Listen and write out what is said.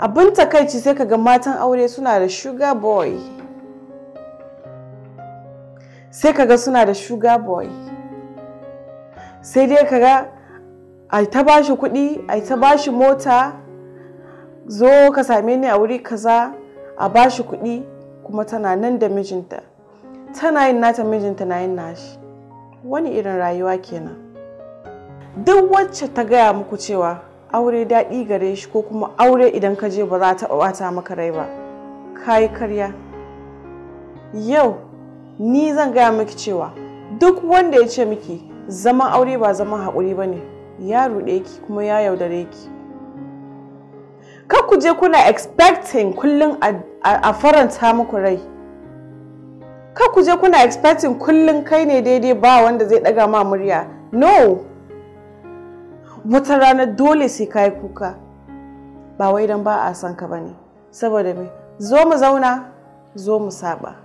abin takaici sai kaga matan aure suna da sugar boy sai kaga suna da sugar boy sai dai kaga a ta bashi kuɗi a ta bashi mota zo ka same ni a wuri kaza a bashi kuɗi kuma tana nan da mijinta tana yin nata mijinta na yin nashi wani irin rayuwa kenan duk wacce ta gaya muku cewa aure daɗi gare shi ko kuma aure idan ka je ba za ta ɓata maka rai ba kayi karya yau ni zan gaya miki cewa duk wanda ya ce miki zaman aure ba zaman haƙuri ba ne ya ruɗe ki kuma ya yaudare ki ku je kuna expecting kullum a faranta muku rai Ka ku kuna expecting kullum kai ne daidai ba wanda zai ɗaga ma murya no wata rana dole sai ka yi kuka ba wai don ba a san ka ba saboda me zo mu zauna zo mu saba